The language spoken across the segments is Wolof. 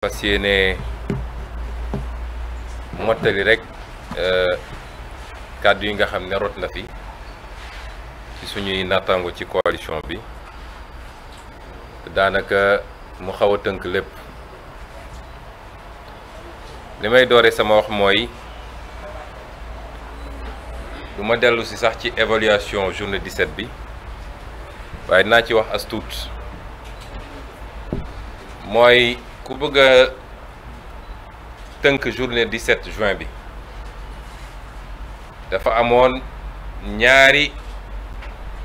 fas yéene mottali rek euh, kàddu yi nga xam ne rot na fi ci suñuy nattaango ci coalition bi daanaka mu xaw a tënk lépp li doore sama wax mooy du ma dellu si sax ci évaluation journée 17 bi waaye naa ci wax as tuut mooy ku bëgg a tënk journée 17 juin bi dafa amoon ñaari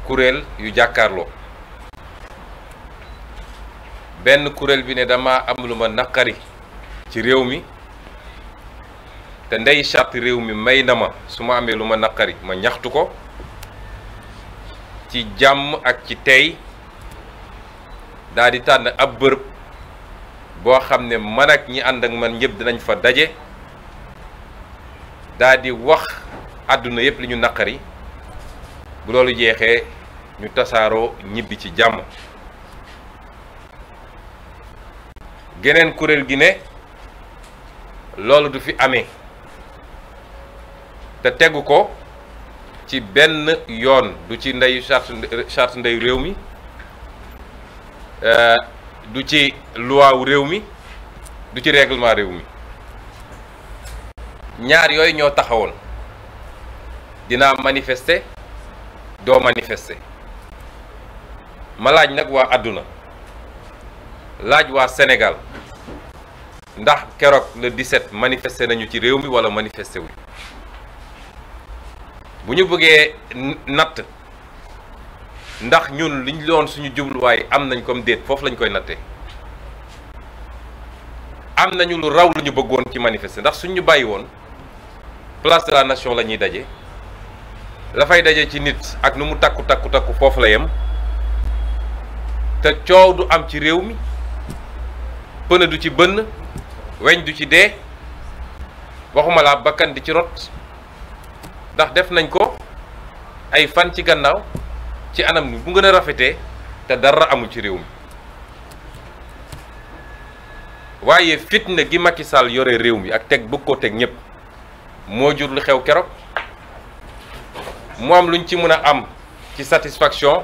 kuréel yu jàkkaarloo benn kuréel bi ne dama am lu ma naqari ci réew mi te ndey charte réew mi may na ma suma amee lu ma naqari ma ñaxtu ko ci jàmm ak ci tey daal tànn ab bërëb boo xam ne man ak ñi ànd ak man ñëpp dinañ fa daje daa wax àdduna yëpp li ñu naqari bu loolu jeexee ñu tasaaroo ñibbi ci jàmm geneen kuréel gi ne loolu du fi amee te tegu ko ci benn yoon du ci ndeyu charte ndeyu réew mi euh, du ci loi réew mi du ci règlement réew mi ñaar yooyu ñoo taxawoon dinaa manifester doo manifester ma laaj nag waa àdduna laaj waa senegal ndax keroog le 17 manifester nañu ci réew mi wala manifester wuñ bu ñu bëggee natt. ndax ñun liñ loon suñu jubluwaay am nañ koom déet foofu lañ koy nattee am nañu lu raw lu ñu bëggoon ci manifester ndax suñu bàyyi woon place de la nation la daje dafay daje ci nit ak nu mu takku takku takku foofu la yem te coow du am ci réew mi pëne du ci bënn weñ du ci dee waxuma laa bakkan di ci rot ndax def nañ ko ay fan ci gannaaw ci anam ni bu gën a rafetee te dara amul ci réew mi waaye fitne gi Macky Sall yore réew mi ak teg bëgg koo teg ñëpp moo jur lu xew keroog mu am luñ ci mën a am ci satisfaction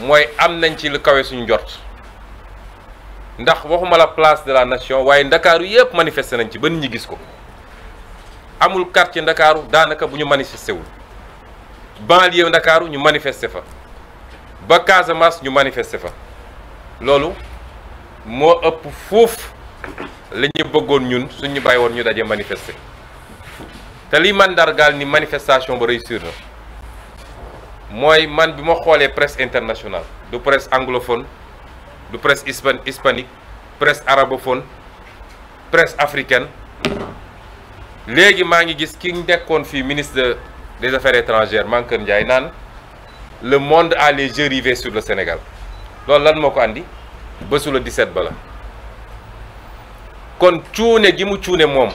mooy am nañ ci lu kawe suñu jot ndax waxuma la place de la nation waaye ndakaaru yëpp manifester nañ ci ba nit ñi gis ko amul quartier ndakaaru daanaka bu ñu manifesté wul banlieue Ndakaaru ñu manifester fa ba Casamance ñu manifester fa loolu moo ëpp fuuf la ñu bëggoon ñun suñ ñu bàyyi woon ñu daje manifester te li mandargaal ni manifestation ba réussir na mooy man bi ma xoolee presse internationale du presse anglophone du presse hispan hispanique presse arabophone presse africaine léegi maa ngi gis ki nekkoon fii ministre de. des affaires étrangères Mankeur Ndiaye naan le monde à les yeux rivés sur le Sénégal loolu lan moo ko andi bésu di set ba la kon cuune gi mu cuune moom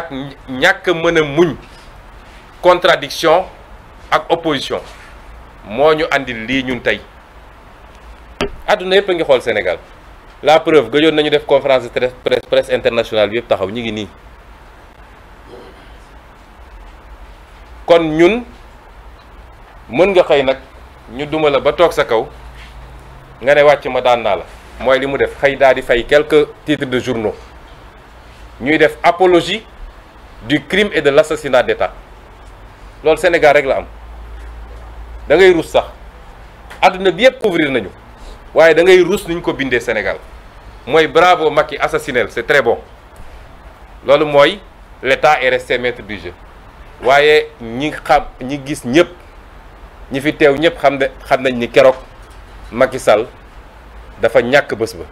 ak ñàkk mën a muñ contradiction ak opposition moo ñu andi lii ñun tey àdduna yëpp a ngi xool Sénégal la preuve gëjoon nañu def conférence de presse presse internationale bi yëpp taxaw ñi ngi nii kon ñun mën nga xëy nag ñu duma la ba toog sa kaw nga ne wàcc ma daan naa la mooy li mu def xëy daal di fay quelque titre de journaux ñuy def apologie du crime et de l'assassinat d'État loolu Sénégal rek la am da ngay rus sax adduna bi yëpp couvrir nañu waaye dangay ngay rus niñ ko bindee Sénégal mooy bravo Macky assassiné c'est très bon loolu mooy l'État est resté maître du jeu waaye ñi xam ñi gis ñëpp ñi fi teew ñëpp xam ne xam nañ ni keroog Macky Sall dafa ñàkk bés ba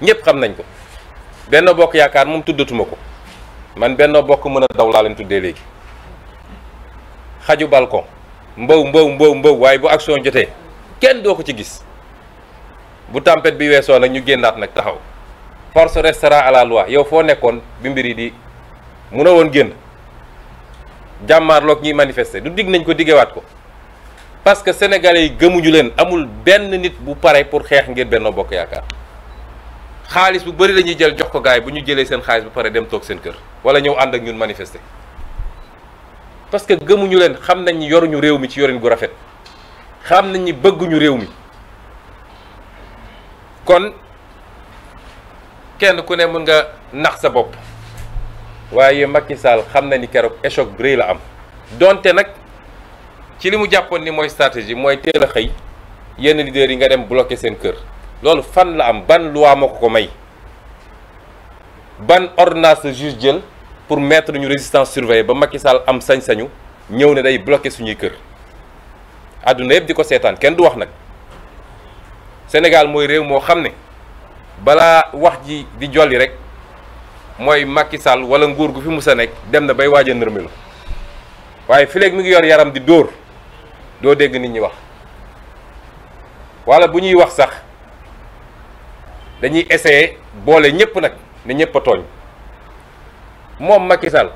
ñëpp xam nañ ko benn Bokk Yaakaar moom tuddatuma ko man benn Bokk Mën a Daw laa leen tuddee léegi xaju balcon mbow mbow mbow mbow waaye bu action jotee kenn doo ko ci gis bu tàmpet bi weesoo nag ñu génnaat nag taxaw force restera à la yow foo nekkoon bi mbir yi di mun a woon génn jàmmaarloog ñuy manifester du digg nañ ko diggewaat ko parce que sénégalais yi gëmuñu leen amul benn nit bu paree pour xeex ngir Benno Bokk Yaakaar xaalis bu bëri lañuy jël jox ko gaay bu ñu jëlee seen xaalis bu pare dem toog seen kër wala ñëw ànd ak ñun manifester parce que gëmuñu leen xam nañ ni yoruñu réew mi ci yorin gu rafet xam nañ ni bëgguñu réew mi kon kenn ku ne mën nga nax sa bopp. waaye Macky Sall xam na ni keroog échec bu la am donte nag ci li mu jàppoon ni mooy stratégie mooy teel xëy yenn leaders yi nga dem bloqué seen kër loolu fan la am ban loi moo ko ko may ban ordonnance la juge jël pour mettre ñu résistance surveillée ba Macky Sall am sañ-sañu ñëw ne day bloqué suñuy kër àdduna yëpp di ko seetaan kenn du wax nag Sénégal mooy réew moo xam ne balaa wax ji di jolli rek. mooy Macky Sall wala nguur gu fi mu sa nekk dem na bay waaj a waaye fi léegi mi ngi yor yaram di dóor doo dégg nit ñi wax wala bu ñuy wax sax dañuy essayer boole ñëpp nag ne ñëpp a tooñ moom Macky Sall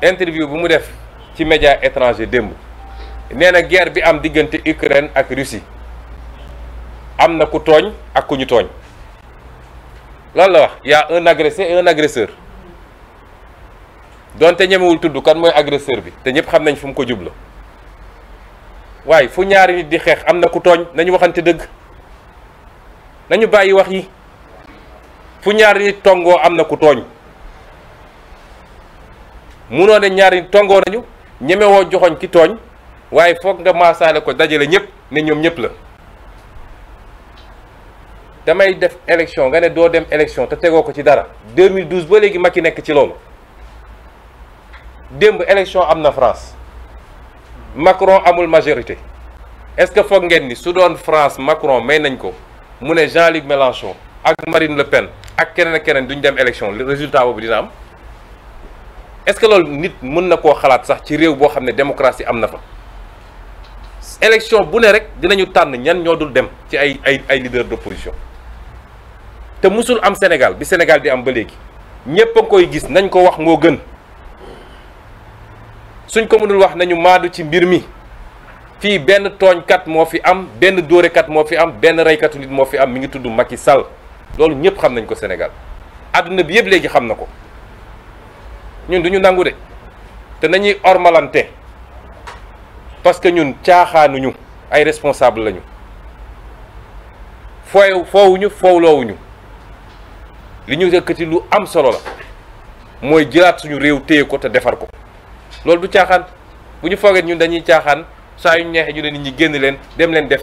interview bu mu def ci média étranger démb nee na guerre bi am diggante Ukraine ak Russie am na ku tooñ ak ku ñu tooñ loolu la wax yaa a un agressé et un donte ñemewul tudd kan mooy agresseur bi te ñëpp xam nañ fu mu ko jublu waaye fu ñaari nit di xeex am na ku tooñ nañu waxante dëgg nañu bàyyi wax yi fu ñaari nit tongoo am na ku tooñ munoo ne ñaari nit tongoo nañu ñemewoo joxoñ ki tooñ waaye foog nga maasaale ko dajale ñëpp ne ñoom ñëpp la damay def élection nga ne doo dem élection te tegoo ko ci dara 2012 ba léegi Macky nekk ci loolu démb élection am na France Macron amul majorité est-ce que foog ngeen ni su doon France Macron may nañ ko mu ne Jean-Luc Mélenchon ak Marine Le Pen ak keneen ak keneen duñ dem élection résultat boobu dina am est-ce que loolu nit mën na koo xalaat sax ci réew boo xam ne démocratie am na fa élection bu ne rek dinañu tànn ñan ñoo dul dem ci ay ay ay leader d'opposition te mosul am Sénégal bi senegal di am ba léegi ñépp a koy gis nañ ko wax moo gën suñ ko mënul wax nañu maadu ci mbir mi fii benn tooñkat moo fi am benn dóorekat moo fi am benn reykatu nit moo fi am mi ngi tudd yi sal loolu ñëpp xam nañ ko senegal adduna bi yëpp léegi xam na ko ñun duñu nangu de te nañuy ormalante parce que ñun caaxaanuñu ay responsable lañu fooy foowuñu foowloowuñu li ñu ti lu am solo la mooy jëlaat suñu réew téye ko te defar ko loolu du caaxaan bu ñu foogee ñun dañuy caaxaan saa yu neexee ñu ne nit ñi génn leen dem leen def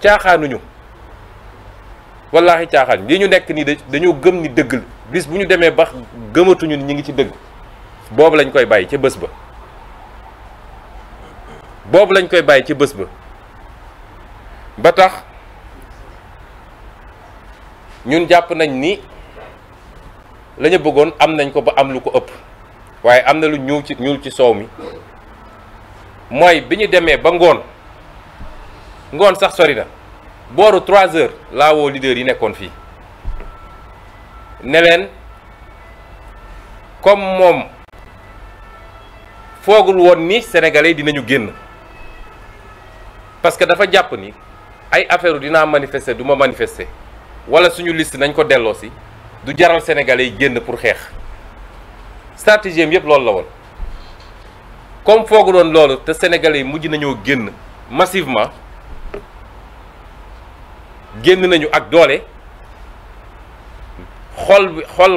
caaxaanuñu wallaahi caaxaan li ñu nekk nii dañoo gëm ni dëgg la bis bu ñu demee ba gëmatuñu ni ñu ngi ci dëgg boobu lañ koy bàyyi ci bés ba boobu lañ koy bàyyi ci bës ba ba tax ñun jàpp nañ ni lañu bëggoon am nañ ko ba am lu ko ëpp waaye am na lu ñuul ci ñuul ci soow mi mooy bi ñu demee ba ngoon ngoon sax sori na booru trois heures laa woo leader yi nekkoon fii ne leen comme moom foogul woon ni sénégalais dinañu génn parce que dafa jàpp ni ay affaire dinaa manifester du ma manifester wala suñu list nañ ko delloo si du jaral sénégalais yi génn pour xeex stratégie am yëpp loolu la woon comme foogu doon loolu te sénégalais yi mujj nañoo génn massivement génn nañu ak doole xol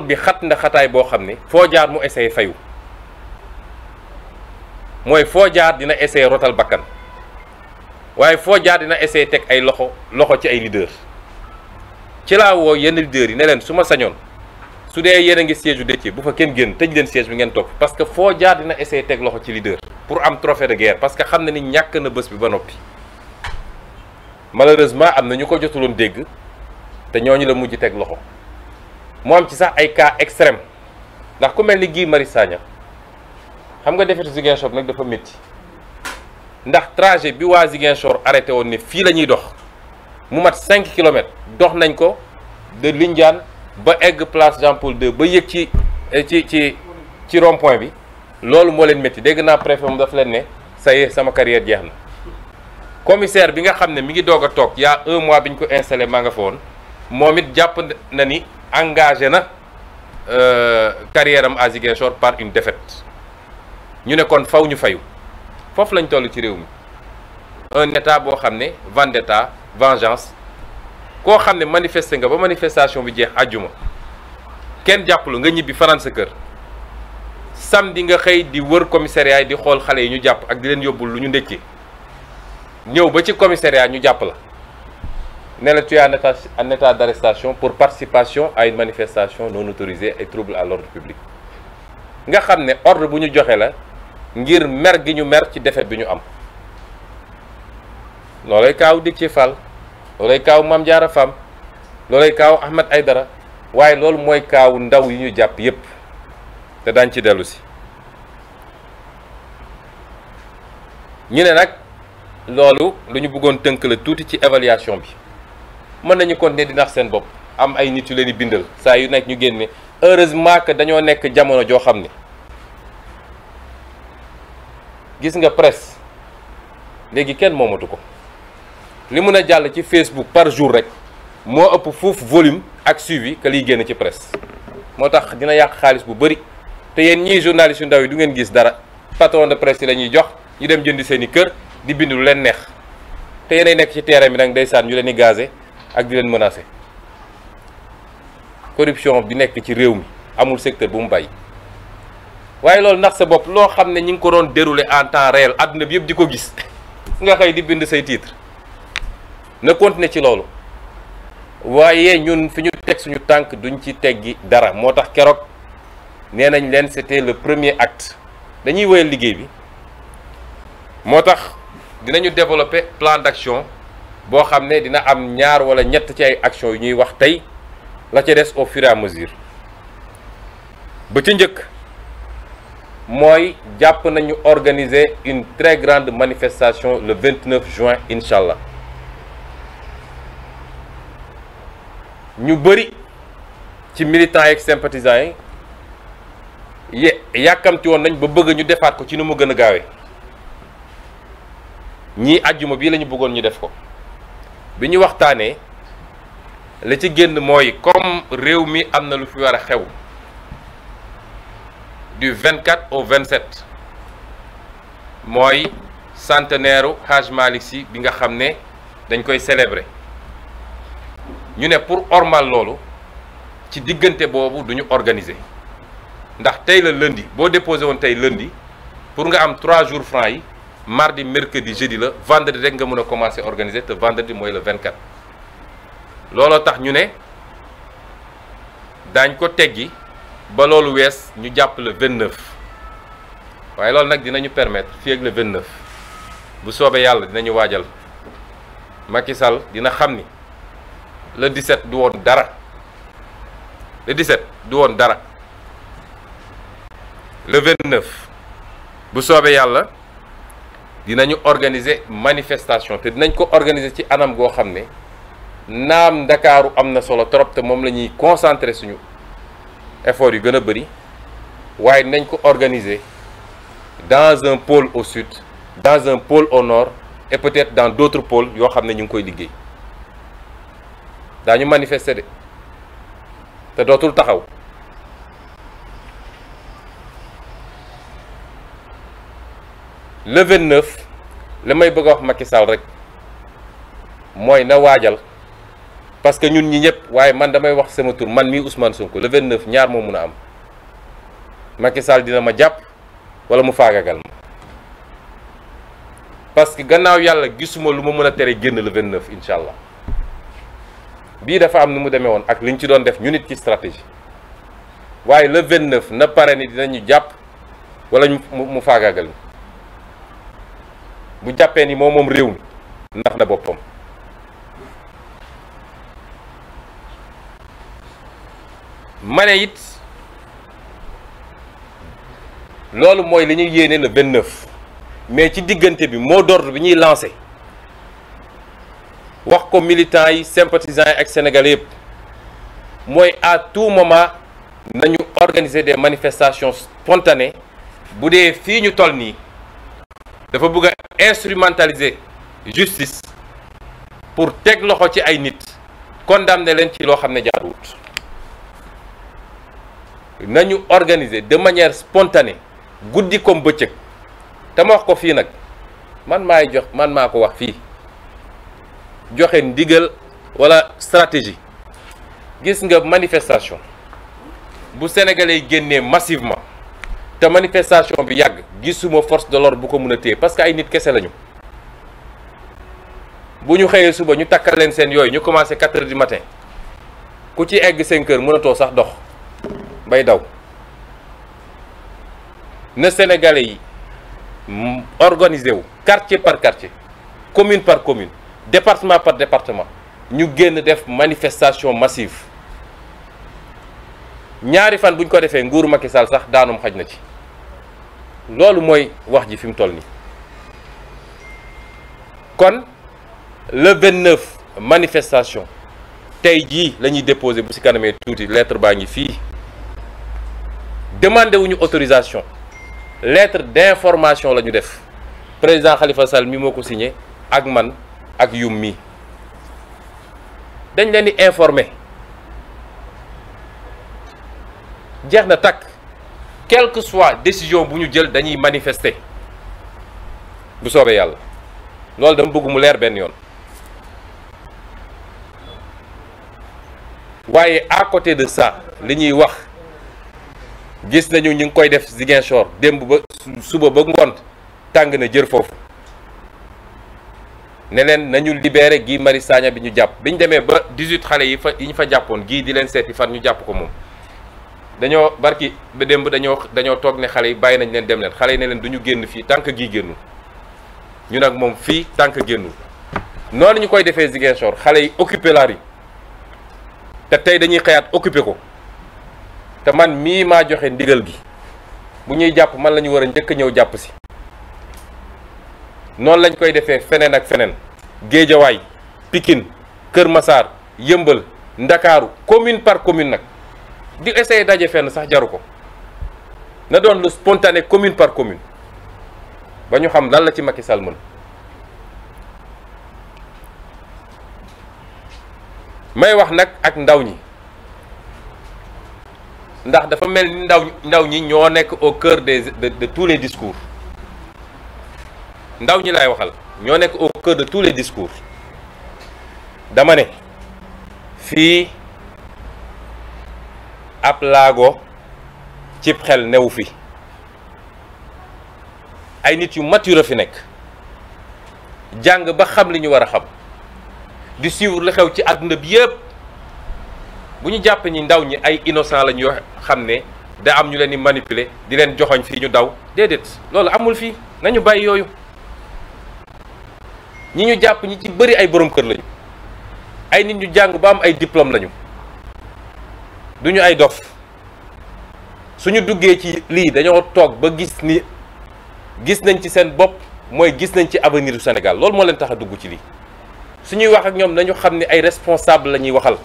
bi bi xat na xataay boo xam ne foo jaar mu essayé fayu mooy foo jaar dina essayé rotal bakkan waaye foo jaar dina essayé teg ay loxo loxo ci ay leader ci laa woo yenn leaders yi ne leen su ma sañoon su dee yéen a ngi siège u bu fa kenn génn tëj leen siège bi ngeen toog parce que foo jaar dina essayer teg loxo ci leader pour am trophée de guerre parce que xam na ni ñàkk na bés bi ba noppi malheureusement am na ñu ko jotuloon dégg te ñooñu la mujj teg loxo mu am ci sax ay cas extrême ndax ku mel ni gii Marius Sagna xam nga defetu Ziguinchor nag dafa métti ndax trajet bi waa Ziguinchor arrêté woon ne fii la ñuy dox mu mat 5 kilomètres dox nañ ko de Lindiane ba egg place Jean Paul II ba yëg ci eh, ci ci ci rond point bi loolu moo leen métti dégg naa préfet mu dafa leen ne ça y est sama carrière jeex na commissaire bi nga xam ne mi ngi doog a toog y un mois bi ñu ko installé maa nga fa woon moom it jàpp na ni engagé na euh, carrière am à Ziguinchor par une défaite ñu nekkoon faw ñu fayu foofu lañ toll ci réew mi un état boo xam ne vendetta vengeance koo xam ne manifester nga ba manifestation bi jeex àjjuma kenn jàppul nga ñibbi fanaan sa kër samedi nga xëy di wër commissariat di xool xale yi ñu jàpp ak di leen yóbbul lu ñu ndékkee ñëw ba ci commissariat ñu jàpp la ne la tu en état en état d'arrestation pour participation ay manifestation non autorisée et trouble à l'ordre public nga xam ne ordre bu ñu joxe la ngir mer gi ñu mer ci défaite bi ñu am loolay kaaw dig ci Fall loolay kaaw Mame Diarra Fam loolay kaaw Ahmed Aydara waaye loolu mooy kaaw ndaw yu ñu jàpp yépp te daañ ci dellusi si ñu ne nag loolu lu ñu bëggoon tënk la tuuti ci évaluation bi mën nañu continuer di nax seen bopp am ay nit yu leen di bindal saa yu nekk ñu génne heureusement que dañoo nekk jamono joo xam ne gis nga presse léegi kenn moomatu ko li mun a jàll ci Facebook par jour rek moo ëpp foofu volume ak suivi que liy génn ci presse moo tax dina yàq xaalis bu bëri te yéen ñii journalistes yu ndaw yi du ngeen gis dara patron de presse yi la jox ñu dem jëndi seen i kër di bind lu leen neex te yéenay nekk ci terrain bi nag saan ñu leen di gazé ak di leen menacé corruption bi nekk ci réew mi amul secteur bu mu bàyyi waaye loolu ndax sa bopp loo xam ne ñi ngi ko doon déroulé en temps réel àdduna bi yëpp di ko gis nga xëy di bind say titre na continuer ci loolu waaye ñun fi teg suñu tànk duñ ci teggi dara moo tax keroog nee nañ leen c'était le premier acte dañuy wéyal liggéey bi moo tax dinañu développer plan d'action boo xam ne dina am ñaar wala ñett ci ay actions yu ñuy wax tey la ca des au fur et mesure ba ci njëkk mooy jàpp nañu organiser une très grande manifestation le 29 juin incha allah ñu bëri ci militants yeeg sympathisants yi yàkkamti woon nañ ba bëgg ñu defaat ko ci nu ma gën a gaawee ñii àjjuma bii lañu bëggoon ñu def ko bi ñu waxtaanee la ci génn mooy comme réew mi am na lu fi war a xew du vingt 24 au 27 mooy centenaire u Hajj Malick Sy bi nga xam ne dañ koy célébrer ñu ne pour ormal loolu ci diggante boobu du ñu organiser ndax tey la lundi boo déposé woon tey lundi pour nga am trois jours francs yi mardi mercredi jeudi la vendredi rek nga mën a commencer organiser te vendredi mooy le 24 looloo tax ñu ne daañ ko teggi ba loolu wees ñu jàpp le 29 waaye loolu nag dinañu permettre fii ak le 29 bu soobee yàlla dinañu waajal Macky dina xam ni. le di set du woon dara le 17 du woon dara le 29 bu soobee yàlla dinañu organiser manifestation te dinañ ko organiser ci anam goo xam ne naam ndakaaru am na solo trop te moom la ñuy concentrer suñu effort yu gën a bëri waaye dinañ ko organiser dans un pôle au sud dans un pôle au nord et peut-être dans d'autres pôles yoo xam ne ñu ngi koy liggéey daañu manifester de te dootul taxaw le 29 li may bëgg a wax Macky rek mooy na waajal parce que ñun ñi ñëpp waaye man damay wax sama tur man mii Ousmane Sonko le 29 ñaar moo mun a am Macky Sall dina ma jàpp wala mu faagagal ma parce que gannaaw yàlla gisuma lu ma mën a tere génn le 29 incha allah. bii dafa am nu mu demee woon ak li ñu ci doon def ñu nit ci stratégie waaye le 29 na pare ni dinañu jàpp walla ñu mu faagaagal bu jàppee ni moom moom réew mi ndax na boppam mane it loolu mooy li ñuy yéene la 29 mais ci diggante bi moo d'ordre bi ñuy lancé wax ko militants yi sympathisants yi ak sénégal yëpp mooy à tout moment nañu organiser des manifestation spontanées bu dee fii ñu toll nii dafa bëgg a instrumentaliser justice pour teg loxo ci ay nit condamner leen ci loo xam ne jaaduwut nañu organiser de manière spontanée guddi kom bëccëg te ma wax ko fii nag man maay jox man maa ko wax fii joxe ndigal wala stratégie gis nga manifestation bu sénégale yi génnee massivement te manifestation bi yàgg gisuma force de l'ordre bu ko mën a téye parce que ay nit kese lañu bu ñu xëyee suba ñu takkal leen seen yooyu ñu commencé quatre heures du matin ku ci egg cinq heures mënatoo sax dox bay daw na sénégalais yi organiser wu quartier par quartier commune par commune département par département ñu génn def manifestation massive ñaari fan buñ ko defee nguuru Macky Sall sax daanum xaj na ci loolu mooy wax ji fi mu toll nii kon le 29 manifestation tey jii la ñuy déposé bu si kanamee tuuti lettre baa ngi fii demandé wuñu autorisation lettre d'information la ñu def président Khalifa Sall mi moo ko signé ak man. ak yum mi dañ leen di informer jeex na takk quelque soit décision bu ñu jël dañuy manifester bu soobee yàlla loolu dama bëgg mu leer benn yoon waaye à côté de ça li ñuy wax gis nañu ñu ngi koy def Ziguinchor démb ba suba ba ngoon tàng na jër foofu ne leen nañu libéré Guy mari Sagna bi ñu jàpp bi ñu demee ba 18 xale yi fa yi ñu fa jàppoon Guy di leen seeti fan ñu jàpp ko moom dañoo barki ba démb dañoo dañoo toog ne xale yi bàyyi nañ leen dem leen xale yi ne leen du ñu génn fii tànk que Guy génnul ñu nag moom fii tànk que génnul noonu ñu koy defee Ziguinchor xale yi occupé laar rue te tey dañuy xëyaat occupé ko te man mii maa joxe ndigal gi bu ñuy jàpp man lañu ñu war a njëkk ñëw jàpp si noonu lañ koy defee feneen ak feneen Géejawaay Pikine Kër masaar Yëmbal Ndakaaru commune par commune nag di essayer daje fenn sax jaru ko na doon lu spontané commune par commune ba ñu xam lan la ci Macky Sall mën may wax nag ak ndaw ñi ndax dafa mel ni ndaw ndaw ñi ñoo nekk au cœur des de de tous les discours ndaw ñi laay waxal ñoo nekk au cœur de tous les discours dama ne fii ab laago cib xel new fii ay nit yu mature fi nekk jàng ba xam li ñu war a xam di suivre li xew ci àdduna bi yëpp bu ñu jàpp ndaw ñi ay innocent la ñu xam ne da am ñu leen di manipuler di leen joxoñ fi ñu daw déedéet loolu amul fii nañu bàyyi yooyu ñi ñu jàpp ñi ci bari ay borom kër lañu ay nit ñu jàng ba am ay diplôme lañu du ñu ay dof suñu duggee ci lii dañoo toog ba gis ni gis nañ ci seen bopp mooy gis nañ ci avenir du Sénégal loolu moo leen tax a dugg ci lii suñuy wax ak ñoom nañu xam ne ay responsable la ñuy waxal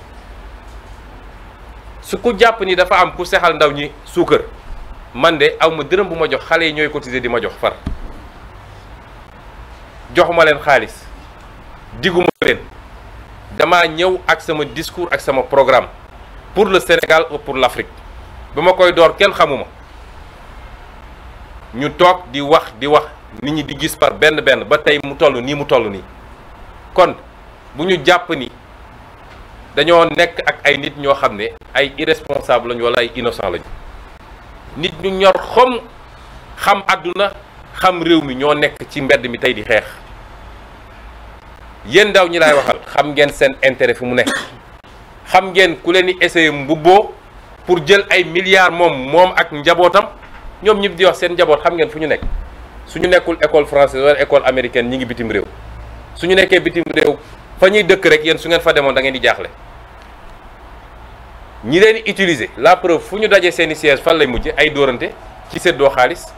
su ku jàpp ni dafa am ku sexal ndaw ñi suukar man de aw ma dërëm bu ma jox xale yi ñooy cotiser di ma jox far joxuma leen xaalis diguma leen dama ñëw ak sama discours ak sama programme pour le Sénégal ou pour l'Afrique ba ma koy door kenn xamuma ñu toog di wax di wax nit ñi di gis par benn benn ba tey mu toll nii mu toll nii kon bu ñu jàpp ni dañoo nekk ak ay nit ñoo xam ne ay irresponsable lañu wala ay innocent lañu nit ñu ñor xom xam àdduna xam réew mi ñoo nekk ci mbedd mi tey di xeex yéen ndaw ñi laay waxal xam ngeen seen intérêt fi mu nekk xam ngeen ku leen di essayer mbubboo pour jël ay milliards moom moom ak njabootam ñoom ñi di wax seen njaboot xam ngeen fu ñu nekk suñu nekkul école française wala école américaine ñi ngi bitim réew ñu nekkee bitim réew fa ñuy dëkk rek yéen su ngeen fa demoon da ngeen di jaaxle ñi leen di utiliser la fu ñu dajee seen i siège fan lay mujje ay dóorante ci séddoo xaalis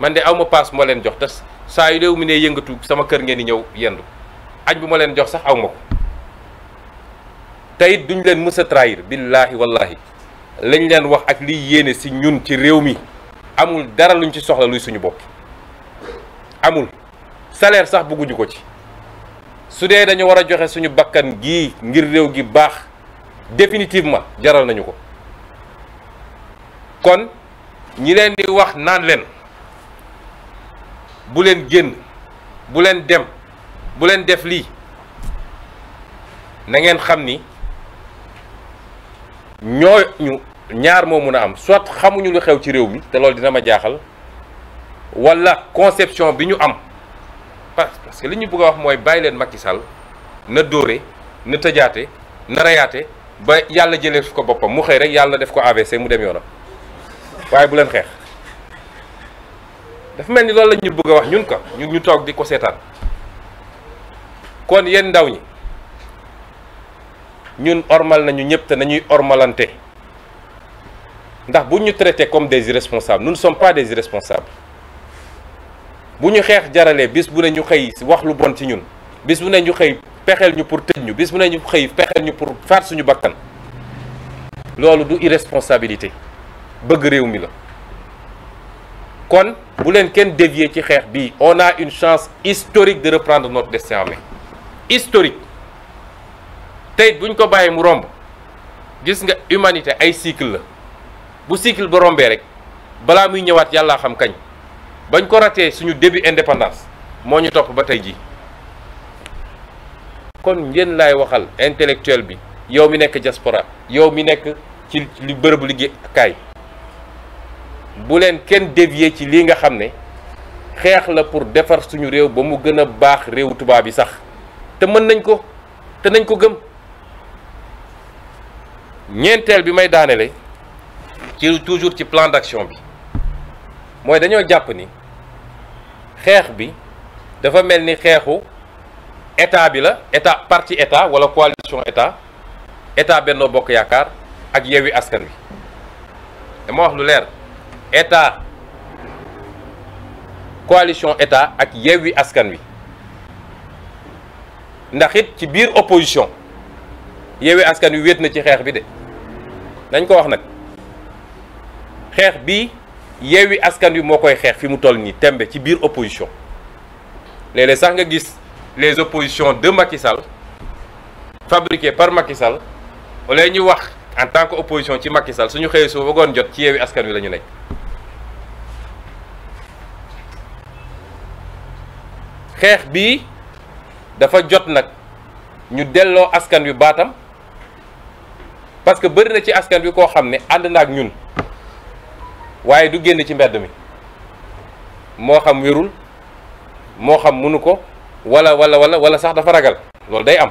man de aw ma paas moo leen jox te saa yu réew mi ne yëngatu sama kër ngeen di ñëw yendu añ bu ma leen jox sax aw ma ko te it duñ leen mës a trahir billaahi wallaahi lañ leen wax ak liy yéene si ñun ci réew mi amul dara luñ ci soxla luy suñu bopp amul salaire sax bëgguñu ko ci su dee dañu war a joxe suñu bakkan gii ngir réew gi baax définitivement jaral nañu ko kon ñi leen di wax naan leen buleen génn bu leen dem bu leen def lii na ngeen xam ni ñooñu ñaar moo mun a am soit xamuñu lu xew ci réew mi te loolu dina ma jaaxal walla conception bi ñu am parce que li ñu bugg a wax mooy bàyyi leen Macky Sall na dóore na tëjaate na reyaate ba yàlla jëlee ko boppam mu xëy rek yàlla def ko AVC mu dem yoonam waaye bu leen xeex. dafa mel ni loolu la ñu bëgg a wax ñun ko ñu ñu toog di ko seetaan kon yéen ndaw ñi ñun ormal nañu ñëpp te nañuy ormalante ndax bu ñu traité comme des irresponsables nous ne pas des irresponsables bu ñu xeex jaralee bis bu ne ñu xëy wax lu bon ci ñun bis bu ne ñu xëy pexeel ñu pour tëj ñu bis bu ne ñu xëy pexeel ñu pour faat suñu bakkan loolu du irresponsabilité bëgg réew mi la. kon bu leen kenn dévier ci xeex bi on a une chance historique de reprendre notre destin en main historique tey buñ ko bàyyi mu romb gis nga humanité ay cycle la bu cycle ba rombee rek balaa muy ñëwaat yàllaa xam kañ bañ ko ratee suñu début indépendance moo ñu topp ba tey ji kon yéen laay waxal intellectuel bi yow mi nekk diaspora yow mi nekk ci li bërëbu liggéeykaay bu leen kenn dévier ci lii nga xam ne xeex la pour defar suñu réew ba mu gën a baax réewu tubaab yi sax te mën nañ ko te nañ ko gëm ñeenteel bi may daanele ci toujours ci plan d'action bi mooy dañoo jàpp ni xeex bi dafa mel ni xeexu état bi la état parti état wala coalition état état bennoo Bokk Yaakaar ak Yewwi Askan Wi dama wax lu leer état coalition état ak Yewwi Askan Wi ndax it ci biir opposition Yewwi Askan Wi wéet na ci xeex bi de dañ ko wax nag xeex bi Yewwi Askan Wi moo koy xeex fi mu toll nii tembe ci biir opposition léeg-léeg sax nga gis les oppositions de Macky Sall par Macky Sall wala ñuy wax en tant que opposition ci Macky Sall suñu xëyee su bëggoon jot ci Yewwi Askan Wi la ñu nekk. xeex bii dafa jot nag ñu delloo askan wi baatam parce que bëri na ci askan wi koo xam ne ànd na ak ñun waaye du génn ci mbedd mi moo xam wérul moo xam mënu ko wala wala wala wala sax dafa ragal loolu day am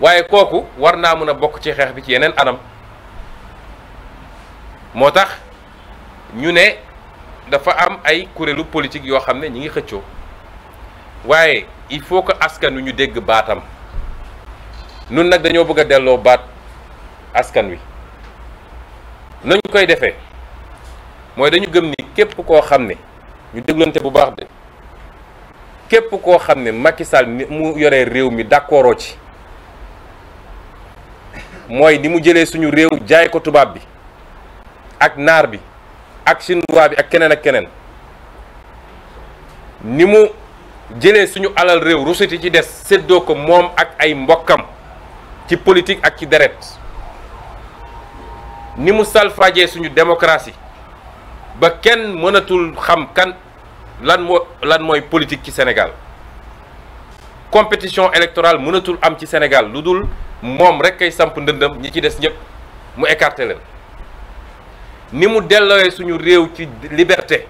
waaye kooku war naa mën a bokk ci xeex bi ci yeneen anam moo tax ñu ne dafa am ay kuréelu politique yoo xam ne ñi ngi xëccoo waaye il faut que askan wi ñu dégg baatam nun nag dañoo bëgg a delloo baat askan wi nañu koy defee mooy dañu gëm ni képp koo xam ne ñu déglante bu baax de képp koo xam ne Macky mu yoree réew mi d'accord ci mooy ni mu jëlee suñu réew jaay ko tubaab bi ak naar bi ak chinois bi ak keneen ak keneen ni mu jëlee suñu alal réew ruset yi ci des séddoo ko moom ak ay mbokkam ci politique ak ci deret ni mu salfajee suñu démocratie ba kenn mënatul xam kan lan mooy politique ci Sénégal compétition électorale mënatul am ci Sénégal lu dul moom rek ay samp ndëndëm ñi ci des ñëpp mu écarté leen ni mu delloo suñu réew ci liberté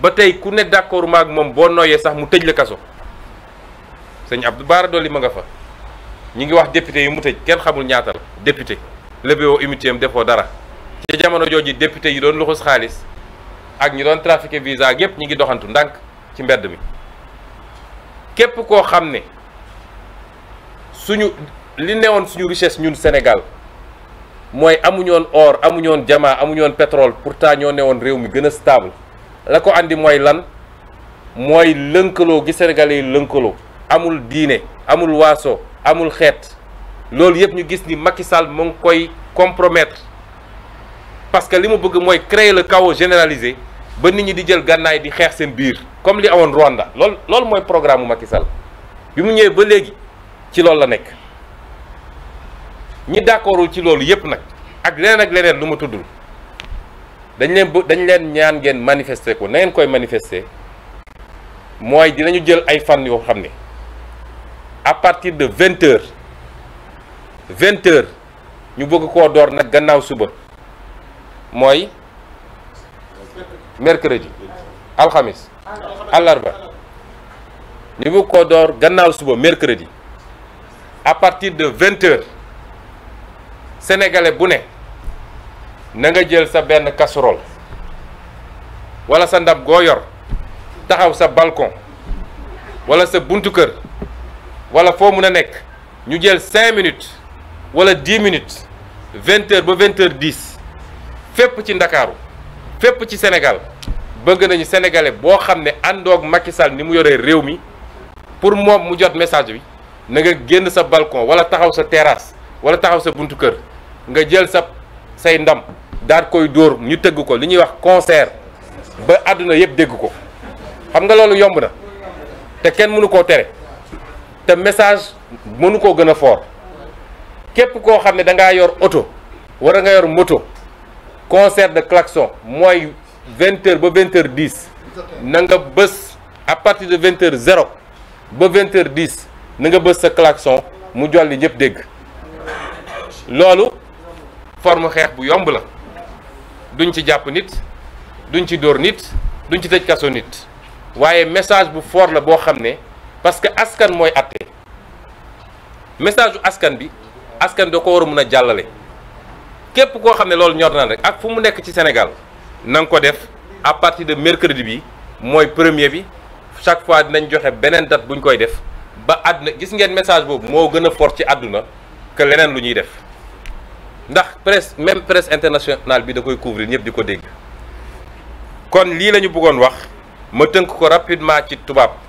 ba tey ku ne d'accord maak moom boo noyee sax mu tëj la kaso sëñ Abdou Bara Dolly ma nga fa ñi ngi wax député yi mu tëj kenn xamul ñaata la député lebewoo imité am defoo dara ci jamono jooju député yi doon luxus xaalis ak ñu doon trafiqué visa ak yépp ñi ngi doxantu ndànk ci mbedd mi képp koo xam ne suñu li newoon suñu richesse ñun Sénégal mooy amuñoon or amuñoon jamaa amuñoon pétrole pourtant ñoo newoon réew mi gën a stable la ko andi mooy lan mooy lënkaloo gi sénégalais lënkaloo amul diine amul waaso amul xeet loolu yëpp ñu gis ni Macky Sall mu ngi koy compromettre parce que li mu bëgg mooy créer le chaos généralisé ba nit ñi di jël gànnaay di xeex seen biir comme li awoon Rwanda loolu loolu mooy programme mu Macky bi mu ñëwee ba léegi ci loolu la nekk ñi d'accordul ci loolu yëpp nag ak leneen ak leneen lu ma tuddul dañ leen dañ leen ñaan ngeen manifester ko nangeen koy manifester mooy dinañu jël ay fan yoo xam ne à partir de vingt heures vingt heures ñu bëgg koo door nag gannaaw suba mooy mercredi alxamis àllarba ñu bëgg ko door gannaaw suba mercredi à partir de vingt heures bu ne na nga jël sa benn casserole wala sa ndab goo yor taxaw sa balcon wala sa buntu kër wala foo mun a nekk ñu jël cinq minutes wala dix minutes vingt ba vingt heures dix fépp ci ndakaaru fépp ci Sénégal bëgg nañu sénégalais boo xam ne àndoog Macky Sall ni mu yoree réew mi pour moom mu jot message bi na nga génn sa balcon wala taxaw sa terrasse wala taxaw sa buntu kër nga jël sa say ndam daal koy dóor ñu tëgg ko li ñuy wax concert ba àdduna yëpp dégg ko xam nga loolu yomb na te kenn mënu koo tere te message mënu koo gën a fort képp koo xam ne da ngaa yor oto wara nga yor moto concert de klaxon mooy vingt ba vingt heures dix na nga bës à partir de vingt heures zéro ba vingt heures dix na nga bës sa klaxon mu jolli ñëpp dégg loolu forme xeex bu yomb la duñ ci jàpp nit duñ ci dóor nit duñ ci tëj kaso nit waaye message bu fort la boo xam ne parce que askan mooy atte message bu askan bi askan da ko war a mun a jàllale képp koo xam ne loolu ñor naan rek ak fu mu nekk ci Sénégal na ko def à partir de mercredi bi mooy premier bi chaque fois dinañ joxe beneen date buñ koy def ba àdduna gis ngeen message boobu moo gën a fort ci àdduna que leneen lu ñuy def ndax presse même presse internationale bi da koy couvrir ñëpp di ko dégg kon lii la ñu bëggoon wax ma tënk ko rapidement ci tubaab